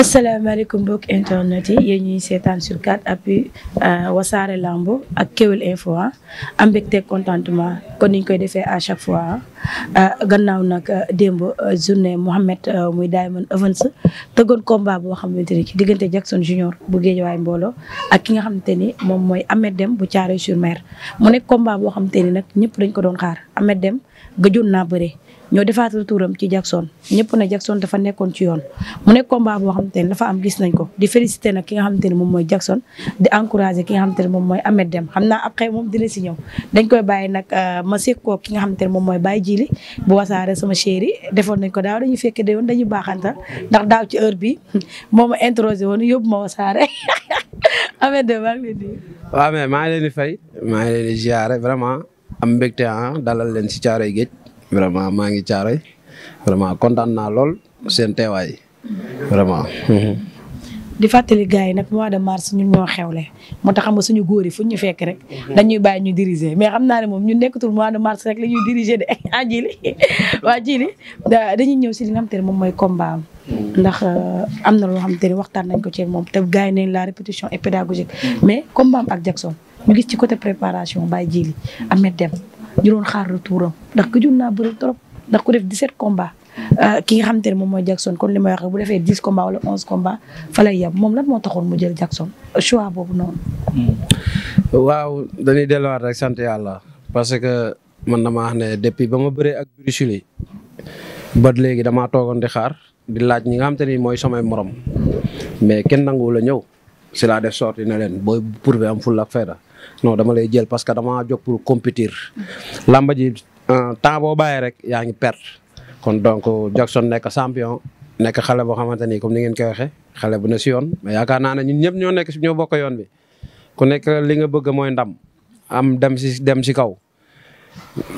asalaamaaleykum mbokk internet yi yéen ñuy seetaan sur 4 appui euh, wasaare lamb ak Kewel Info ah. am mbégte contentement kon niñ koy defee à chaque fois ah. euh, gannaaw nag euh, démb journée Mohamed muy Diamond Evans tëggoon combat boo xamante ni ci diggante Jackson Junior bu Géejawaay mbooloo ak ki nga xamante ni moom mooy Ahmed dem bu Thiaroye sur Mer mu nekk combat boo xamante ni nag ñëpp dañ ko doon xaar Ahmed Deme gëjoon naa bëre ñoo defaat retouram ci Jackson ñëpp ne Jackson dafa nekkoon ci yoon mu nekk combat boo xamante ne dafa am gis nañ ko di félicité nag ki nga xamante ne moom mooy Jackson di encouragé ki nga xamante ne moom mooy Ahmed Deme xam naa après moom dina si ñëw dañ koy bàyyi nag euh, ma seeg ki nga xamante ne moom mooy Baye Jili bu wasaare sama chéri defoon nañ ko daaw dañu fekke de woon dañu baaxantal ndax daaw ci heure bi moo ma introsé woon yóbbu ma wasaare Ahmed Deme maa ngi leen di waaw mais maa ngi leen di fay maa ngi leen vraiment am mbégte ah dalal leen si caaray géej vraiment maa ngi caaray vraiment kontaan naa lool seen teewaay vraiment. Mhm. di fàttali gars yi nag mois de mars ñun ñoo xewle moo tax xam nga suñu góor yi fu ñu fekk rek dañuy bàyyi ñu diriger mais xam naa ne moom ñu nekkatul mois de mars rek la ñuy diriger de ah jili waa jili dañuy ñëw si li te moom mooy combat am ndax euh, am na loo xam te ne waxtaan nañ ko ci moom te gars yi nañ la répétition et pédagogique mais combat am ak Jackson mu gis ci côté préparation bàyyi jili Ahmed Deme ñu doon xaar retouram ndax gëjoon naa bëri trop ndax ku def 17 combats euh, ki nga xamante ne moom mooy Jackson kon li may wax bu defee 10 combats wala 11 combats fa lay moom lan moo taxoon mu jël Jackson choix boobu noonu. Hmm. waaw dañuy delluwaat rek sant yàlla parce que man dama wax ne depuis ba ma bëree ak Bruce ba léegi damaa toogoon di xaar di laaj ñi nga xamante ni mooy samay morom mais kenn nanguwul a ñëw si la def sorti na leen booy prouvé am fulla ak fayda non dama lay jël parce que damaa jóg pour compétir. làmba ji euh, temps boo bàyyee rek yaa ngi perte kon donc Jackson nekk champion nekk xale boo xamante ni comme ni ngeen koy waxee xale bu ne si yoon mais yaakaar naa ne ñun ñëpp ñoo nekk si ñoo bokk yoon bi ku nekk li nga bëgg mooy ndam am dem si dem si kaw.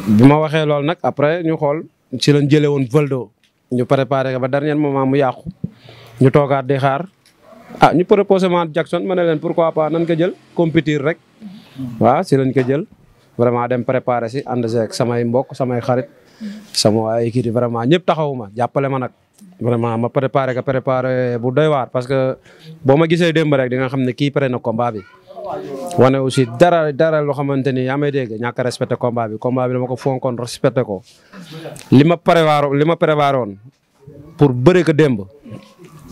bu ma waxee loolu nag après ñu xool si lañ jëlee woon Valdo ñu préparé ba dernier moment mu yàqu ñu toogaat di ah ñu proposé ma Jackson ma leen pourquoi pas nan ko jël compétir rek waaw si lañ ko jël vraiment dem préparer si ànd seeg samay mbokk samay xarit sama waa équipe yi vraiment ñëpp taxawu ma jàppale ma nag vraiment ma préparé ka préparé bu doy waar parce que boo ma gisee demb rek di nga xam ne kii pare na combat bi wane aussi dara dara loo xamante ni yaa may dégg ñàkk respecté combat bi combat bi dama ko fonkoon respecté ko li ma prévoir li ma prévoir woon pour bëre ko démb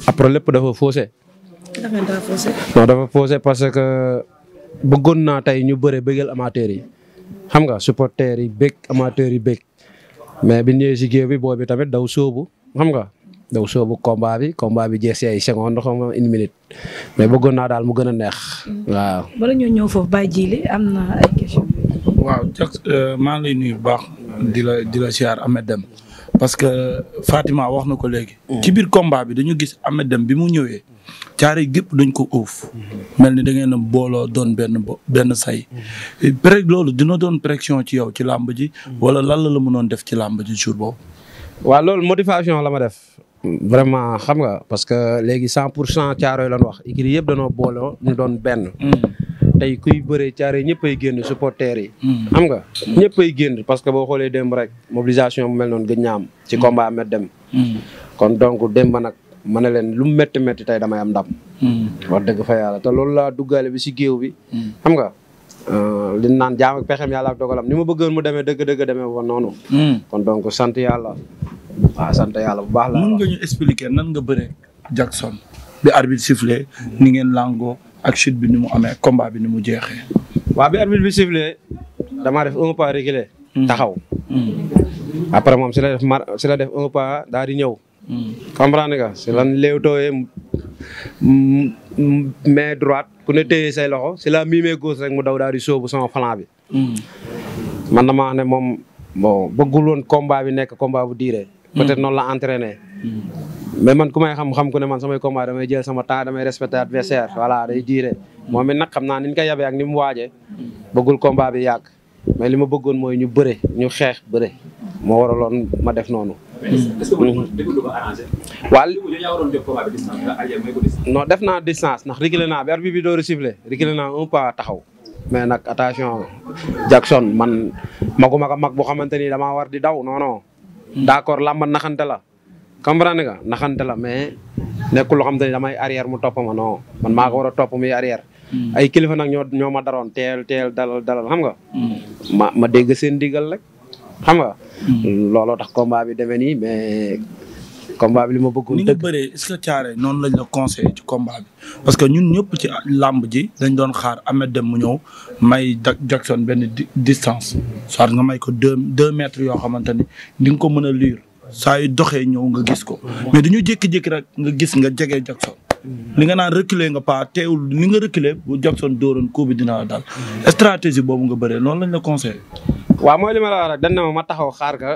après lépp dafa faussé non dafa posé parce que bëggoon naa tey ñu bëre bëggal amateurs yi xam nga supporters yi bëgg amateurs yi bëgg mais bi ñëwee si géew bi booy tamit daw soobu xam nga daw soobu combat bi combat bi jeex si ay seconde xam une minute mais bëggoon naa daal mu gën a neex waaw. bala ñoo ñëw foofu Baye Djily am na ay waaw Jax euh, maa ngi lay nuyu baax di la di la siyaar Ahmed Deme parce que Fatima wax na ko léegi. Mm. ci biir combat bi dañu gis Ahmed Deme bi mu ñëwee. caare gépp dañ ko uuf. mel ni da ngeen a booloo doon benn benn say. peut loolu dina doon pression ci yow ci làmb ji. wala lan la la mënoon def ci làmb ji jour boobu. waaw loolu motivation la ma def. vraiment xam nga parce que léegi sant pour cent caaro lan wax écurie yëpp danoo booloo ñu doon benn. Hmm. tey kuy bëree caare ñëpp ay génn supporters yi. Hmm. xam nga ñëpp ay génn parce que boo xoolee démb rek mobilisation bu mel noon gëj naa am ci hmm. combat Ahmed Deme. kon donc démb nag. ma ne leen lu mu métti métti tey damay am ndam. Hmm. wax dëgg fa yàlla te loolu laa duggaale bi si géew bi. Hmm. xam nga euh, li naan jaam ak pexem yàlla ak dogalam ni ma bëggoon mu demee dëgg dëgg demee woon noonu. Hmm. kon donc sant yàlla. waaw sant yàlla bu baax la. mën nga ñu expliquer nan nga bëre Jackson. bi arbitre sifflé ni ngeen langoo ak chute bi nu mu amee combat bi nu mu jeexee. waa bi arbitre bi sifflé damaa def un pas reculé. taxaw. après moom si la def mar si la def un pas daal di ñëw. comprendre nga si lan léewtooyee main droite ku ne téye say loxo si la miimee gauche rek mu daw daal di sóobu sama flanc bi. Mm. na damaa ne moom bon bëggul woon combat bi nekk combat bu diire. Mm. peut-être noonu la entraîné. Mm. mais man ku may xam-xam ku ne man samay combat may jël sama temps damay respecté adversaire voilà day diire. moom it nag xam naa ni ñu koy yabee ak ni mu waajee bëggul combat bi yàgg mais li ma bëggoon mooy ñu bëre ñu xeex bëre moo waraloon ma def noonu. Mm-hmm. waaw non def naa distance nax réglé naa bi arbitre bi door a sifflé un pas taxaw mais nag attention Jackson man magu ma ko mag boo xamante ni dama war di daw non non d'accord làmba naxante la comprendre nga naxante la mais nekkul loo xam ni damay arrière mu topp ma non man maa ko war a topp muy arrière mm. ay kilifa nag ñoo ñoo ma daroon teel teel dalal dalal xam nga mm. ma ma dégg seen digal rek xam nga. Hmm. looloo tax combat bi demee nii mais. combat bi li ma bëggoon dëgg ni nga bëree est-ce noonu lañ la conseillé ci combat parce que ñun ñëpp ci làmb ji dañ doon xaar Ahmed Dem mu ñëw may Jackson benn distance soit nga may ko deux deux yoo xamante ni di nga ko mën a lire saa yu doxee ñëw nga gis ko hmm. mais dañu jékki-jékki rek nga gis nga jege Jackson. li nga naan reculer nga pas teewul ni nga reculer bu Jackson dóoroon coup bi dina la dal. stratégie boobu nga bëree loolu lañ la conseillé. waa mooy li ma la wax rek dañ na ma ma taxaw xaar ka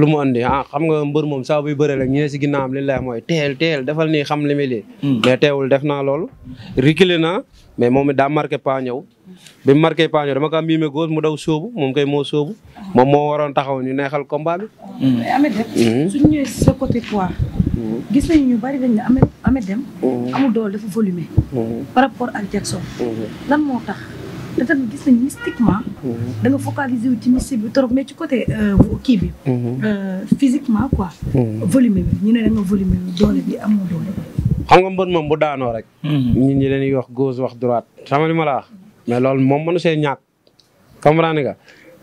lu mu andi ah xam nga mbër moom saa buy bëree rek ñu ne si ginnaawam li lay mooy teel teel defal nii xam li muy lii. Hmm. teewul def naa loolu. reculer naa mais moom it daa marqué pas ñëw bi mu am miime góor mu daw sóobu moom moo sóobu moom moo waroon taxaw ñu neexal combat bi. Hmm. mais hmm. Mm-hmm. gis nañu ñu bari dañ ne Ameth Ameth Dème mm-hmm. amul doole dafa volumé mm-hmm. par rapport ak Jackson lan moo tax te tamit gis nañ mystiquement da nga focaliser wu ci mystique bi trop mais ci côté euh, kii bi euh, physiquement quoi volumé bi ñu ne da volumé bi doole bi amul doole xam nga mbër moom bu daanoo rek nit ñi dañuy wax gauche wax droite sama li ma la wax mais loolu moom mënu see ñàkk comprendre nga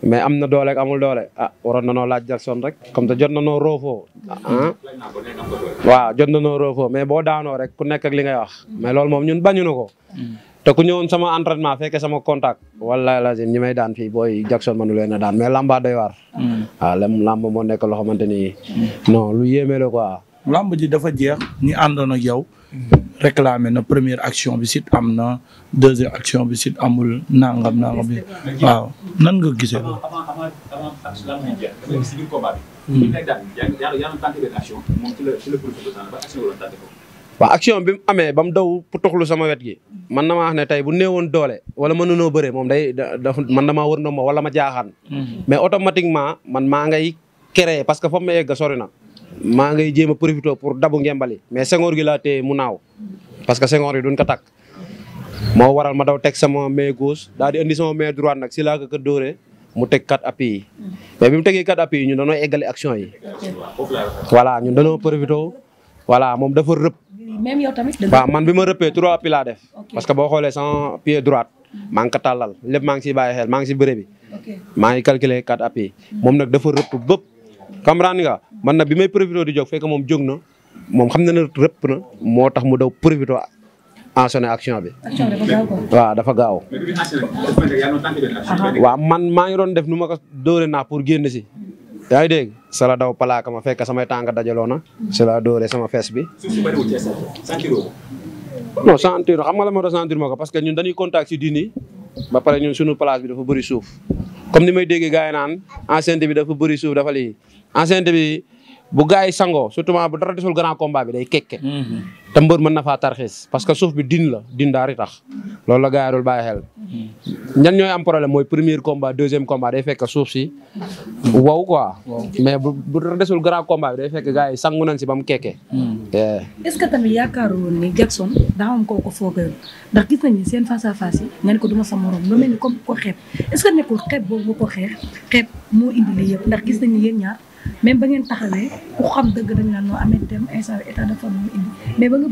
mais am na doole ak amul doole ah waroon na noo laaj Jackson rek comme te jot na noo roofoo ah waaw jot na noo roofoo mais boo daanoo rek ku nekk ak li ngay wax mais loolu moom ñun bañu na ko mm. te ku ñëwoon sama entraînement fekke sama contact wallaahi lazim ñi may daan fii booy Jackson mënu leen a daan mais lamba doy waar waaw mm. ah, lem lamba moo nekk loo xamante ni mm. non lu yéeme la quoi làmb ji dafa jeex ni àndoon ak yow. réclamé na première action bi Siteu am na deuxième action bi Siteu amul nangam nangam waaw nan nga gisee. avant action bi mu amee ba mu daw pour toxlu sama wet gi man na maa ne tey bu néewoon doole wala mënunoo bëree moom day man na damaa war na ma wala ma jaaxaan. Mhm. mais automatiquement man maa ngay créer parce que foofu ma egg sori na. maa ngay jéem a profité pour dabu ngembali mais sengoor gi laa téye mu naaw parce que sengoor yi duñ ko takk moo waral ma daw teg sama mais gauche daal di indi sama main droite nag si laa ko ko dóoree mu teg quatre appuis yi mais bi mu tegee quatre a yi ñun dañoo eggale action yi voilà ñun dañoo profité voilà moom dafa rëpp même yow tamit waaw man bi ma rëppee trois appuis laa def parce que boo xoolee sama pied droite maa ngi ko tàllal lépp maa ngi siy bàyyi maa ngi si bëre bi maa ngi calculer quatre appuis moom nag dafa rëpp bëpp comprendre nga man nag bi may profité di jóg fekk moom jog na moom xam na ne rëpp na moo tax mu daw profité enchaîné action bi. action dafa gaaw waaw dafa gaaw. waaw man maa ngi doon def nu ma ko dóore naa pour génn si. yaa ngi dégg sala daw palaaka ma fekk samay tànk dajaloo na. sala dóore sama fees bi. non sentir xam nga la ma doon sentir ma ko parce que ñun dañuy contact si diini ba pare ñun suñu place bi dafa bari suuf comme ni may déggee gars yi naan enceinte bi dafa bari suuf dafa lii enceinte bi bu gars yi sangoo surtout bu dara desul grand combat bi day kekke mhm. te mbër na faa tarxiis parce que suuf bi din la din daari tax loolu la gars yi dul bàyyi xel mhm. am problème mooy premier combat deuxième day fekk suuf si wow quoi bu dara desul grand combat bi day fekk yi sangu nañ si ba mu kekke mhm. est-ce que tamit yaakaaru ni Jackson daa am koo ko foogayul nekkul xeeb boobu ko xeex xeeb moo indi li ndax gis nañu yéen ñaar même ba ngeen taxawee ku xam dëgg dañ naan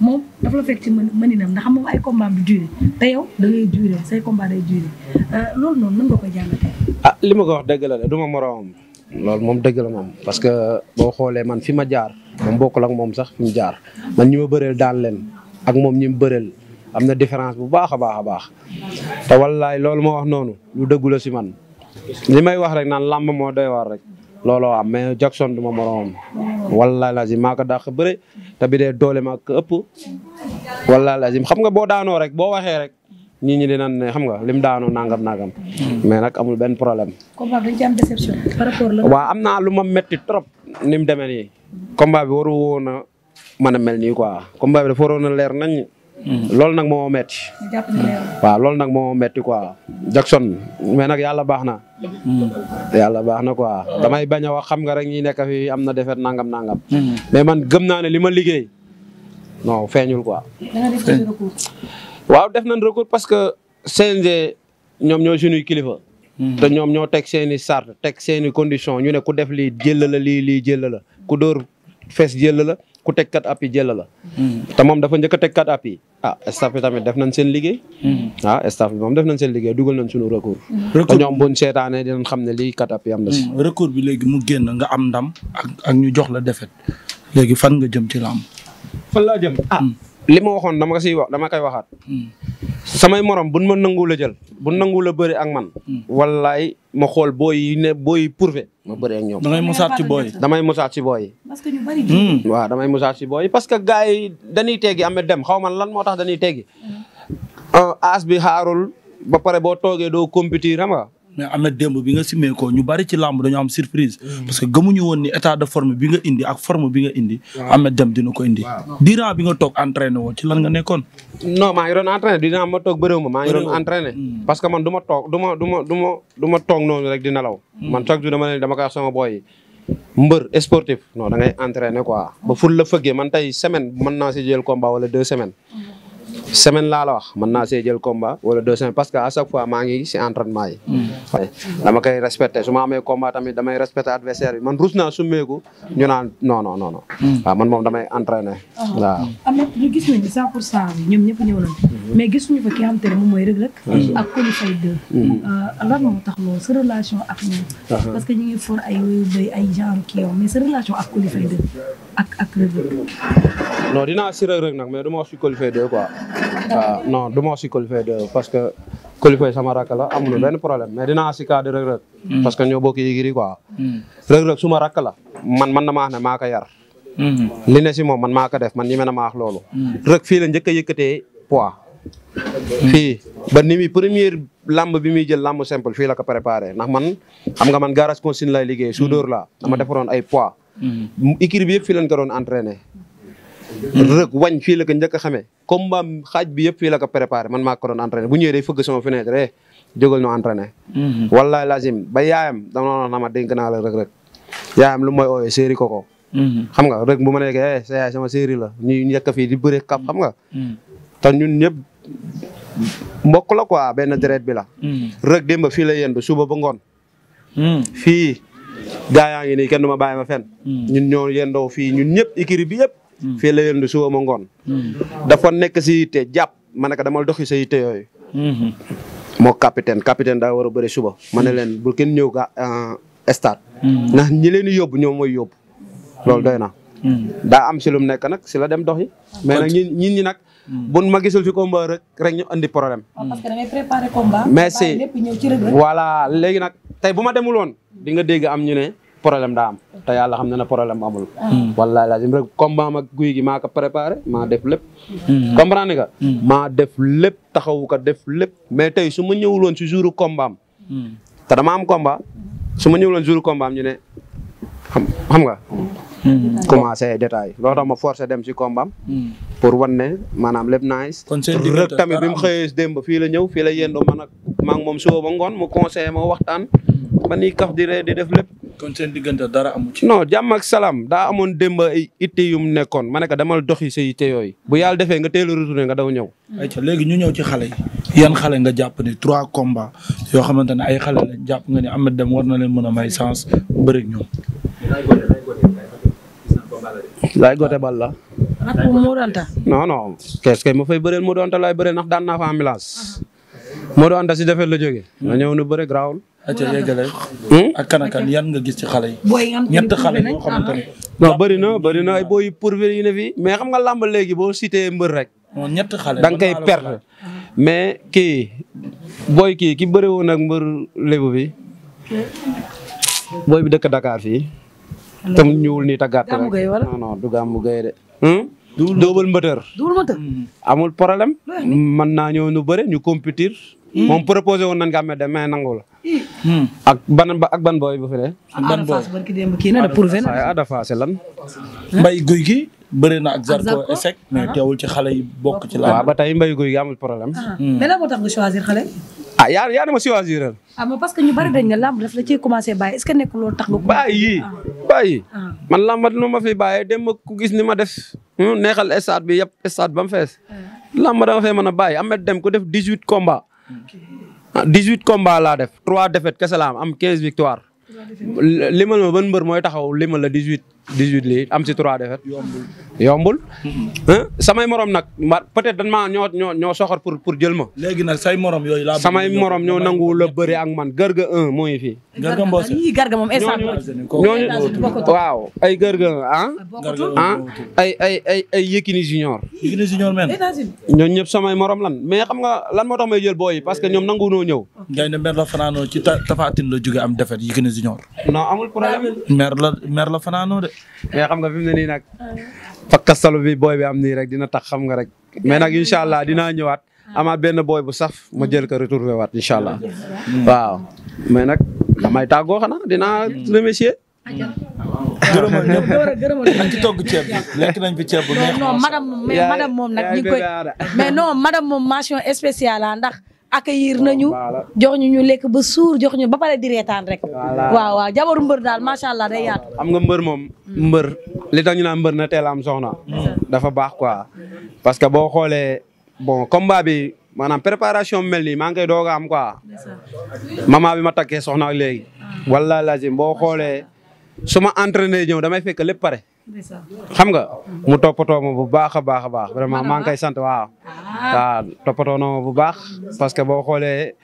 moom dafa la fekk ci mën mëninam ndax moom ay combat du duré te yow da ngay duré say combat day duré euh, loolu noonu nan nga koy jàngatee. ah li ma ko wax dëgg la de du ma moroomam loolu moom dëgg la moom parce que boo xoolee man fi ma jaar moom bokkul ak moom sax fi mu jaar man ñi ma bëreel daan leen ak moom ñi mu bëreel am na différence bu baax a baax a baax te wallaay loolu ma wax noonu lu dëggu si man li may wax rek naan làmb moo doy waar rek. looloo am mais Jackson du ma moroom wallaahi lazim maa ko dàq bëre te bi dee doole maa ko ëpp wallaahi lazim xam nga boo daanoo rek boo waxee rek nit ñi dinañ ne xam nga lim daanoo nangam nangam. mais nag amul benn problème. combat bi dañ ci am déception lu ma métti trop ni mu demee nii. combat bi waru woon a mën a mel nii quoi combat leer nañ loolu nag moo metti waaw loolu nag moo metti quoi Jackson mais nag yàlla baax na yàlla baax na quoi damay bañ a wax xam nga rek ñi nekka fi am na defet nangam nangam mais man gëm naa ne li ma liggéey non feeñul quoi waaw def nañ recours parce que CNG ñoom ñoo suñuy kilifa te ñoom ñoo teg seen sart teg seeni condition ñu ne ku def lii jël lii lii jël la ku dóor fees jël la ku teg kat appui jël la. Hmm. te a teg ah, tamit def nañ seen liggéey. Hmm. ah staff bi moom def nañ seen liggéey dugal na suñu recours. Hmm. recours te ñoom bu ñu seetaanee dinañ xam ne lii kat appui am na si. recours bi léegi mu génn nga am ndam ak ak ñu jox la défaite léegi fan nga jëm ci lamb. fan laa jëm ah. li ma waxoon dama ko siy wax dama koy waxaat. samay morom buñ ma nangu la jël bu nangu la bëri ak man. wallaay ma xool booy yi ne booy yi ma bëri ak ñoom. damay musaat ci booy damay musaat ci booy parce que hmm. waaw damay musaat ci booy parce que gars yi dañuy teggi ame dem xaw man lan moo tax dañuy teggi. Hmm. Ah, as bi xaarul ba pare boo toogee doo compétir xam nga mais Ameth démb bi nga simee ñu bari ci làmb dañu am surprise. Mm. parce que gëmuñu woon ni état de forme bi nga indi ak forme bi nga indi. waaw Ameth Dème dina ko indi. durant bi nga toog entraîné woo ci lan nga nekkoon. non maa ngi doon entraîné durant ma toog bëriwul ma maa ngi doon mm. parce que man du ma toog du ma du ma du ma du ma toog noonu rek di nelaw. Mm. man chaque jour dama leen dama koy wax sama boy yi. mbër sportif non da ngay entraîné quoi ba la fëggee man tey semaine mën naa si jël combat wala deux semaines. semaine laa la wax mën naa see jël combat wala deux semaines parce que à chaque fois maa ngi si entraînement yi. Hmm. dama koy respecté su ma amee combat tamit damay respecté adversaire bi man rus naa summeeku ñu naan non non non. Hmm. waaw man moom damay entraîné. Ah. waaw Ameth ñu gis nañu 100 pour 100 bi ñoom ñëpp ñëw nañu. Hmm. mais gisuñu fa ki nga xam te ne moom mooy Reug Reug. ak Coly Faye 2. Euh, lan moo tax loolu sa relation ak ñoom. Ah ah. parce que ñu ngi for ay wéyu béy ay genre kii yow mais sa relation ak Coly Faye 2 ak ak Reug Reug. non dinaa si Reug Reug nag mais du ma wax si Coly Faye 2 quoi. waaw ah, non du ma wax si qualifié de parce que qualifié sama rakk la amul mm. benn problème mais dinaa si cas de Reug Reug mm. parce que ñoo bokk yigiri quoi mm. Reug suma rakk la man man na maax ne maa ko yar li ne si moom man maa ko def man ñi mën a maax loolu Reug fii la njëkk a yëkkatee poids fii ba ni muy première lamb bi muy jël lamb simple fii la ko préparé ndax man xam nga man garage consigne lay liggéey soudeur la dama defaroon ay pois équipe bi yëpp fii lañ ko doon entraîné Reug wañ fii la njëkk xamee combat xaaj bi yëpp fii la ko préparé man maa ko doon entraîné bu ñëwee day fëgg sama fenêtre eh jógal ñu entraîné. Mhm. wallaay lazim ba yaayam dama doon na ma dénk la rek yaayam lu mooy ooyee séeri koko. Mhm. xam nga rek bu ma eh, sa yaay sama séeri la ñuy njëkk fii di bëre kap xam nga. Mhm. te ñun ñëpp mbokk la quoi benn deret bi la. rek démb fii la yendu suba ba ngoon. fii gaa nii kenn du ma bàyyi ma fen ñun yendoo fii ñun ñëpp ikiri bi yëpp. Mm. fii la yëndu suba ma ngoon. Mm. dafa nekk si yitte jàpp ma ne dama doxi sa yitte yooyu. Mm-hmm. moo capitaine capitaine daal war a bëri suba ma ne leen bu kenn ñëw ga euh, stade. Mm-hmm. ndax ñi leen di yóbbu ñoom mooy yóbbu loolu doy na. Mm-hmm. daa am si lu mu nekk nag si la dem doxi mais nag ñin ñi nag. bun ma gisul fi combat rek rek ñu andi problème. Ah, parce que damay voilà léegi nag tey bu ma demul woon di nga dégg am ñu ne. problème daa am te yàlla xam na ne problème amul. Hmm. wallaahi laazim rek combat ma guy gi maa ko préparé maa def lépp. Hmm. comprendre nga. Hmm. maa def lépp taxaw ko def lépp mais tey su ma ñëwuloon si jouru combat am. te am combat su ma ñëwuloon jouru combat am ñu ne xam xam nga. commencé détail loolu tax ma forcé dem si combat pour wan ne maanaam lépp nice. kon rek tamit bi mu xëyee démb fii la ñëw fii la yendoo man ak maa ngi moom suba ngoon mu conseillé ma waxtaan. ba nii kaf di def lépp. kon seen diggante dara ci. non jàmm salaam daa amoon démb ay itte yu mu nekkoon ma ne ko demal doxi sa itte yooyu. bu yàlla defee nga teel a nga daw ñëw. Mm. ayca léegi ñu ñëw ci xale yan xale nga jàpp ne trois combats yoo xamante ne ay xale lañ jàpp nga ni Ameth Deme war leen mën a may chance bëri ñoom. laay gote bal la. ak moo doonta. non non qu'est-ce ma fay bëreel moo doonta laay bëreel ndax daan naa fa ambulance. moo doonta si defee la jógee. Mm. nga ñëw nu bëri grawul acca yeggale hmm? ak kan ak kan yan nga gis ci xale yi. ñett xale yoo xamante ne. Ah. non bëri na bëri na ay booy mais xam nga làmb léegi boo cité mbër rek. non ñett xale da nga koy perte. mais kii kii ki bëri woon ak mbër lébu bi booy bi dëkk Dakar fii. tam ñuul nii ta gàtt rek non non de. double hmm? hmm? double moteur. amul problème. mën naa ñëw nu bëre ñu compétir. moom proposé woon nañ nga xam ne demee Hmm. ak ban ak ban booy bu fi ne. ak ban booy kii na de prouvé na. Ada Fass lan. mbay guy gi bëri na ak. Zarko échec mais ah. teewul ci xale yi bokk ci la. waaw ba tey mbay guy gi amul problème. Ah. Hmm. mais lan moo tax nga choisir xale. ah yaa yaa dama choisiral. ah mais parce que ñu bari dañ ne làmb daf la ciy commencé bàyyi est ce que nekkul loolu tax nga. Ah. man làmb nu ma fi bàyyee dem ma ku gis ni ma def. Hmm, neexal stade bi yëpp stade ba mu fees. Eh. làmb dama fee mën a bàyyi am dem ku def dix huit komba 18 combats laa def 3 défaites kese laa am am 15 victoires limal ma ban mbër mooy taxaw limal la 18. 18 lii am si 3 défaite. yombul yombul. Mm-hmm. samay morom nag ma peut-être dañ maa ñoo soxor pour pour jël ma. léegi nag say morom yooyu laa. samay morom ñoo nanguwul a bëri ak man Garga 1 moo ngi fii. Garga Mbossé yii Garga moom instant ñooñu waaw ay Garga ah. ah ay ay ay ay Yékini Junior. Yékini Junior men ñooñu ñëpp samay morom lan mais xam nga lan moo tax may jël booy yi parce que ñoom nanguwunoo ñëw. ngay ne mer la fanaanoo ci Tapha Tine la jóge am défaite Yékini Junior. non amul problème. mer la mer de. mais xam nga fi mu ne nii nag pakkastalu ah bi booy bi am nii rek dina tax xam nga rek mais nag incha allah dinaa ñëwaat ah. amaat benn booy bu saf ma jël ko retourné waat incha allah ah, waaw mais nag may tàggoo xanaa dinaa remercier gërëmal ñëpp gërëmal togg ceeb bi lekk nañ fi ceeb bu neex non madame mais madame moom nag ñu koy mais non madame moom mention spéciale ndax accueillir nañu jox ñu ñu lekk ba suur jox ñu ba pare di reetaan rek. waaw waaw jabaru mbër daal macha allah day yaatu. am nga mbër moom. Hmm. mbër li tax ñu naan mbër na teel am soxna. Hmm. dafa baax quoi. parce que boo xoolee bon combat bi maanaam préparation mel nii maa ngi koy doog a am quoi. maman bi ma takkee soxna ak léegi. Hmm. wala lazim boo xoolee suma ma entraîné damay fekk lépp pare. xam nga mu toppatoo ma bu baax a baax a baax vraiment maa ngi koy sant waaw. Ah. waaw toppatoo na bu baax parce que boo xoolee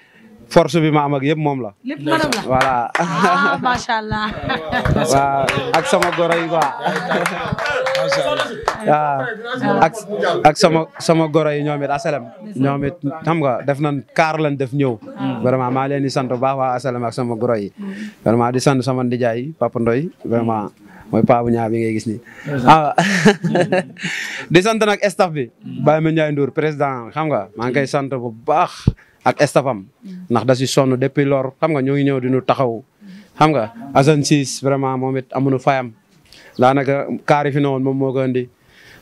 force bi ma am ak yëpp moom la. lépp madam voilà. Ah, macha ak sama goro yi quoi. ak ak sama sama goro yi ñoom it asalem. ñoom it xam nga def nañ kaar lañ def ñëw. Ah. vraiment maa leen di sant bu baax waa asalem ak sama goro yi. vraiment di sant sama ndijaay Papa Ndoy vraiment. mooy paa bu ñaaw bi gis nii. ah di sant nag staff bi. baa mm. Baye Mandiaye Ndour président xam nga maa ngi koy sant bu baax ak staffam mm. ndax da si sonn depuis lor xam nga ñoo ngi ñëw di taxaw xam nga Assane Ciss vraiment moom it amuñu fayam daanaka kaari fi noonu moom moo ko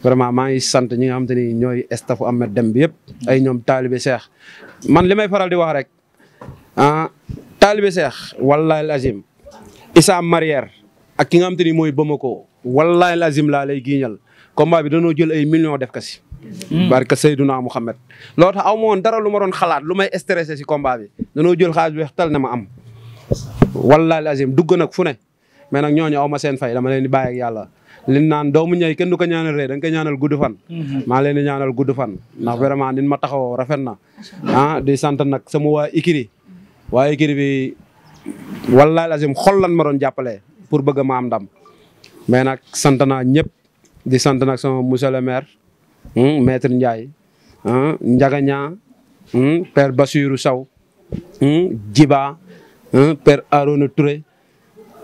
vraiment maa ngi sant ñi nga xam te ni ñooy staffu Ameth dem bi yëpp ay ñoom taalibe Cheikh man li may faral di wax rek ah taalibe Cheikh wallahi alazim isa marière ak ki nga xam te ni mooy Bamako wallaahi lazim laa lay giiñal combat bi danoo jël ay million def ka si. Hmm. barke Seydouna Mouhamed. loo tax aw ma woon dara lu ma doon xalaat lu may stressé si combat bi danoo jël xaalis weex tal na ma am. wallaahi lazim dugg nag fu ne mais nag ñooñu aw ma seen fay dama leen di bàyyi ak yàlla. li naan doomu ñay kenn du ko ñaanal ree dan nga ñaanal gudd fan. Hmm. maa leen ñaanal gudd fan. ndax vraiment nin ma taxawoo rafet na. ah di sant nag sama waa Ikiri. waa Ikiri bi wallaahi lazim xol lan ma doon jàppale. pour bëgg ma am ndam mais nag sant naa ñëpp di sant nag sama monsieur le maire hmm, maître Ndiaye hmm, Ndiaga Niang hmm, père Bassirou Sow Djiba père Arona Touré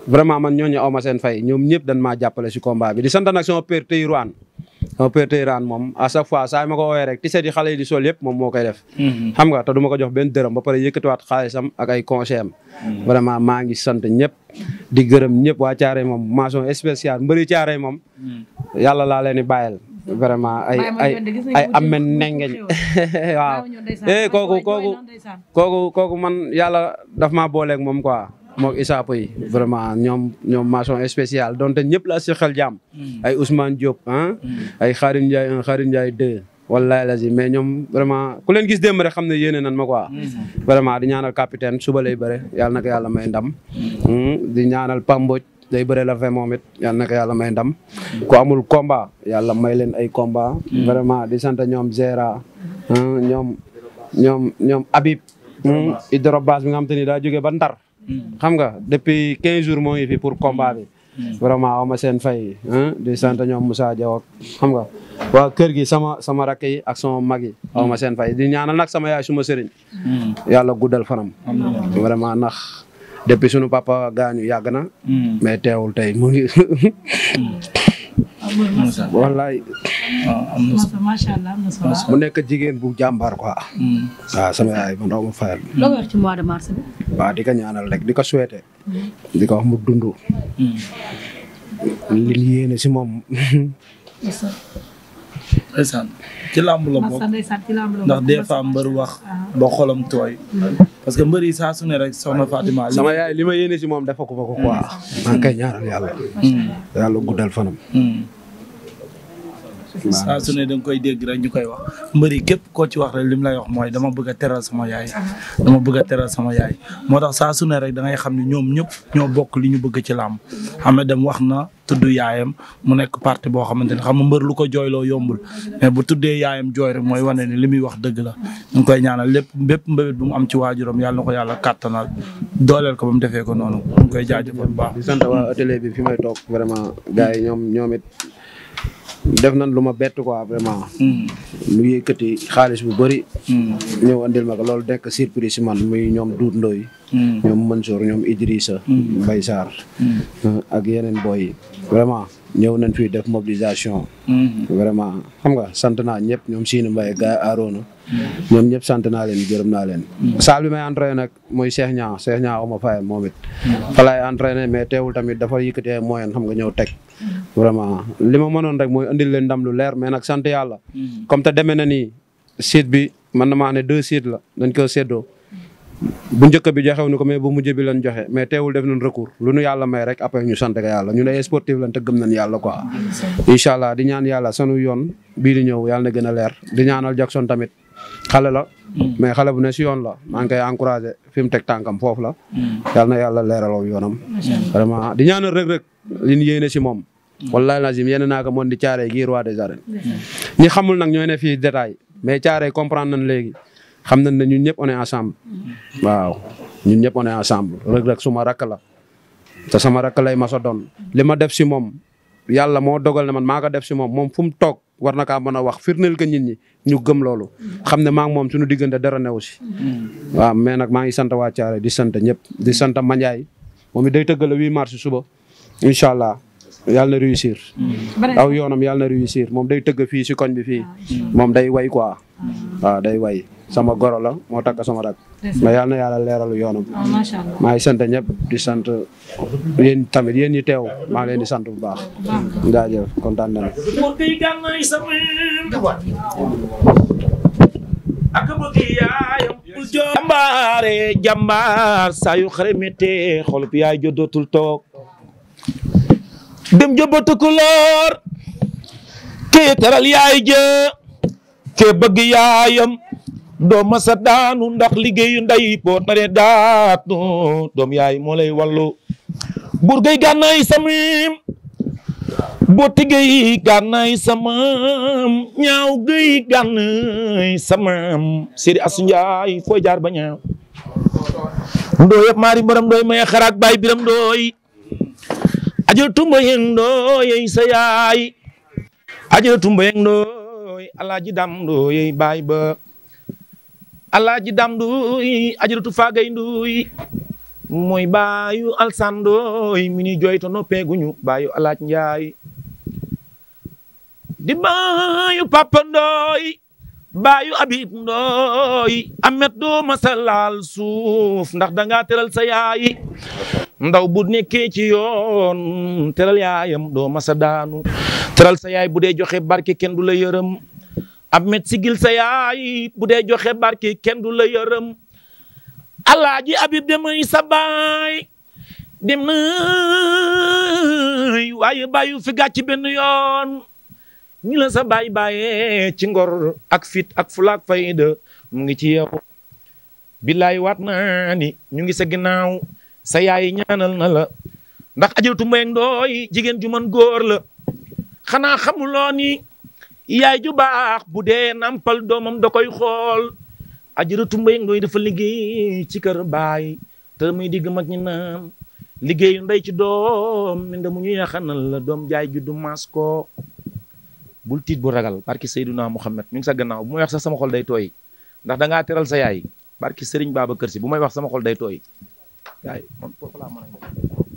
vraiment man ñooñu aw ma seen fay ñoom ñëpp dan maa jàppale si combat bi di sant nag sama père Teyrouane sama moom à chaque fois saa ma ko woowee rek ti seet xale yi di sol yëpp moom moo koy def. Mm-hmm. xam nga te du ma ko jox benn dërëm ba pare yëkkatiwaat xaalisam ak ay conseil mm-hmm. vraiment maa ngi sant di gërëm ñëpp waa Thiaroye moom mention spéciale mbëri Thiaroye moom. Mm. yàlla laa leen di bàyyil. vraiment ay ay ay amen nengeñ waaw eh kooku kooku kooku man yàlla daf maa booleeg moom quoi. moog isaapo yi vraiment ñoom ñoom mention spéciale donte ñëpp laa si jàmm. Mm. ay Ousmane Diop ah. ay Xarim Ndiaye un Ndiaye deux. wallahi lazim mais ñoom vraiment ku leen gis démb rek xam ne yéene nan ma quoi. Mm-hmm. Mm-hmm. vraiment di ñaanal capitaine suba lay bëre yàlla na ko yàlla may ndam. Mm-hmm. di ñaanal Pamboj day bëre la vingt moom it yàlla na ko yàlla may ndam. ko amul combat yàlla may leen ay combat. vraiment di sant ñoom Zera. ñoom ñoom ñoom Habib. Idoro Baas bi nga xam te ni daa jógee ba Ndar. xam nga depuis quinze jours moo ngi fi pour combat bi. Hmm. vraiment aw ma seen fay di sant ñoom Moussa Diaw xam nga waaw kër gi sama sama rakk yi ak sama mag yi hmm. aw ma seen fay di ñaanal nag sama yaay suma sëriñ hmm. yàlla gudal fanam vraiment ndax depuis sunu papa gaañu yàgg na mais teewul tey mu ngi wallaay. Ah, am na solo jigéen bu jàmbaar quoi. waaw hmm. ah, sama yaay man ma fayal. loo wax di ko ñaanal rek di ko souhaiter. di ko wax mu dund. Hmm. li si moom. ndeysaan ci làmb la bokk ndax des fois mbër wax ba xolam tooy mm-hmm. parce que mbër yi saa su ne rek soxna Fatima sama yaay li ma yéene si moom dafa ko fa ko quoi mm-hmm. maa ngi koy ñaanal yàlla guddal fanam mm-hmm. saa su da nga koy dégg rek ñu koy wax mbëri képp koo ci wax rek li mu lay wax mooy dama bëgg a teral sama yaay uh-huh. dama bëgg a teral sama moo tax saa su rek dangay xam ne ñoom ñëpp ñoo bokk li ñu bëgg ci làmb xam dem wax na tudd yaayam mu nekk parti boo xamante ne xam nga mbër lu ko jooyloo yombul mais bu tuddee yaayam jooy rek mooy wane ne li muy wax dëgg la ñu ngi koy ñaanal lépp bépp mbébét bu mu am ci waajuram yàlla na ko yàlla kàttanal dooleel ko ba mu defee ko noonu ñu ngi koy jaajëfal bu baax di sant waa fi may toog vraiment gars yi ñoom ñoom def na lu ma bett quoi vraiment. lu hmm. yëkkati xaalis bu bëri. Hmm. ñëw andil ma ko loolu nekk surprise si man muy ñoom Doudou ndooy hmm. ñoom Mansour ñoom Idrissa. Mbaye Sarr. Euh, ak yeneen boy yi vraiment ñëw nañ fii def mobilisation. vraiment xam nga sant naa ñëpp ñoom Sine Mbaye gars Arona. ñoom ñëpp sant naa leen gërëm naa leen. saal bi may entraîné nag mooy Cheikh Niang Cheikh Niang oma fayam moom it. fa laay entraîné mais teewul tamit dafa yëkkati ay moyen xam nga ñëw teg. vraiment li ma mënoon rek mooy andil leen ndam lu leer mais nag sant yàlla. Hmm. comme te demee na nii site bi man na maa ne deux sites la dañ ko séddoo. bu njëkk bi joxew ni ko mais bu mujj bi lañ joxe mais teewul def nañ recours lu nu yàlla may rek après ñu sant ko yàlla ñu ne sportif lañ te gëm nañ yàlla quoi. Hmm. incha allah di ñaan yàlla sunu yoon bii di ñëw yàlla na gën a leer di ñaanal Jackson tamit xale la. Hmm. mais xale bu ne si yoon la maa ngi koy encouragé fi mu teg tànkam foofu la. yàlla na yàlla leeraloo yoonam. vraiment di ñaanal rek rek li ñu yéene si moom. wallahi lazim yéene naa ko moon di caaree gii roi des arènes. ñi xamul nag ñooy ne fii détail mais caaree comprendre nañ léegi xam nañ ne ñun ñëpp on est ensemble. waaw ñun ñëpp on ensemble Reug suma rakk la te sama rakk lay ma sa doon li ma def si moom yàlla moo dogal ne man maa ko def si moom moom fu mu toog war na kaa mën a wax firndeel ko nit ñi ñu gëm loolu. xam ne maa moom suñu diggante dara ne si. waaw mais nag maa ngi sant waa caaree di sant ñëpp di santa Mandiaye moom suba incha yàlla na réussir. aw yoonam yàlla na réussir moom day tëgg fii si koñ bi fii. Ah, moom day way quoi. Ah. Ah, day way sama goro la moo takk sama rak mais yàlla na yàlla leeralu yoonam. macha allah maa ngi sant ñëpp di sant tamit yéen ñi teew maa leen di sant bu baax. jaajëf kontaan nañu. jàmbaare jàmbaar dem jëba tukulóor kee teral yaay jë kee bëgg yaayam doo masa daanu ndax liggéeyu nday boo taree daatu doom yaay moo lay wàllu buur gay gànnaay samim boo ñaaw gay gànnaay samam Sidi Asu fooy jaar ba ñaaw ndooy yëpp maari mbaram ndooy may xaraak baay biram ndooy ajaratu mbayeng ndooy sa yaay ajaratu mbayeng ndooy alaaji dam ndooy baay ba alaaji dam ndooy ajaratu faagay ndooy mooy baayu alsan ndooy mi ni jooy to noppeeguñu baayu alaaj njaay di baayu papa ndooy baayu abib ndooy amet doo masalaal suuf ndax dangaa teral sa yaay ndaw bu nekkee ci yoon teral yaayam doo masa daanu teral sa yaay bu dee joxe barke kenn du la yërëm ab met sigil sa yaay bu dee joxe barke kenn du la yërëm alaaji abib demay sa baay dem nay waaye bàyyu fi gàcc benn yoon ñu la sa baay bàyyee ci ngor ak fit ak fulaak fayda mu ngi ci yow billaay waat naa ñu ngi sa sa yaay ñaanal na la ndax ajaratu Mbayang Ndooy jigéen ju man góor la xanaa xamuloo ni yaay ju baax bu dee nampal doomam da koy xool ajaratu Mbayang Ndooy dafa liggéey ci kër baay te muy digg mag ñi naan liggéeyu ndey ci doom mi nda mu ñu yaxanal la doom jaay ju du maas ko bul tiit bu ragal barki Seyduna Muhammad mi ngi sa gannaaw bu may wax sa sama xol day tooy ndax da ngaa teral sa yaay barki Serigne kër Si bu may wax sama xol day tooy gars yi man foofu laa mën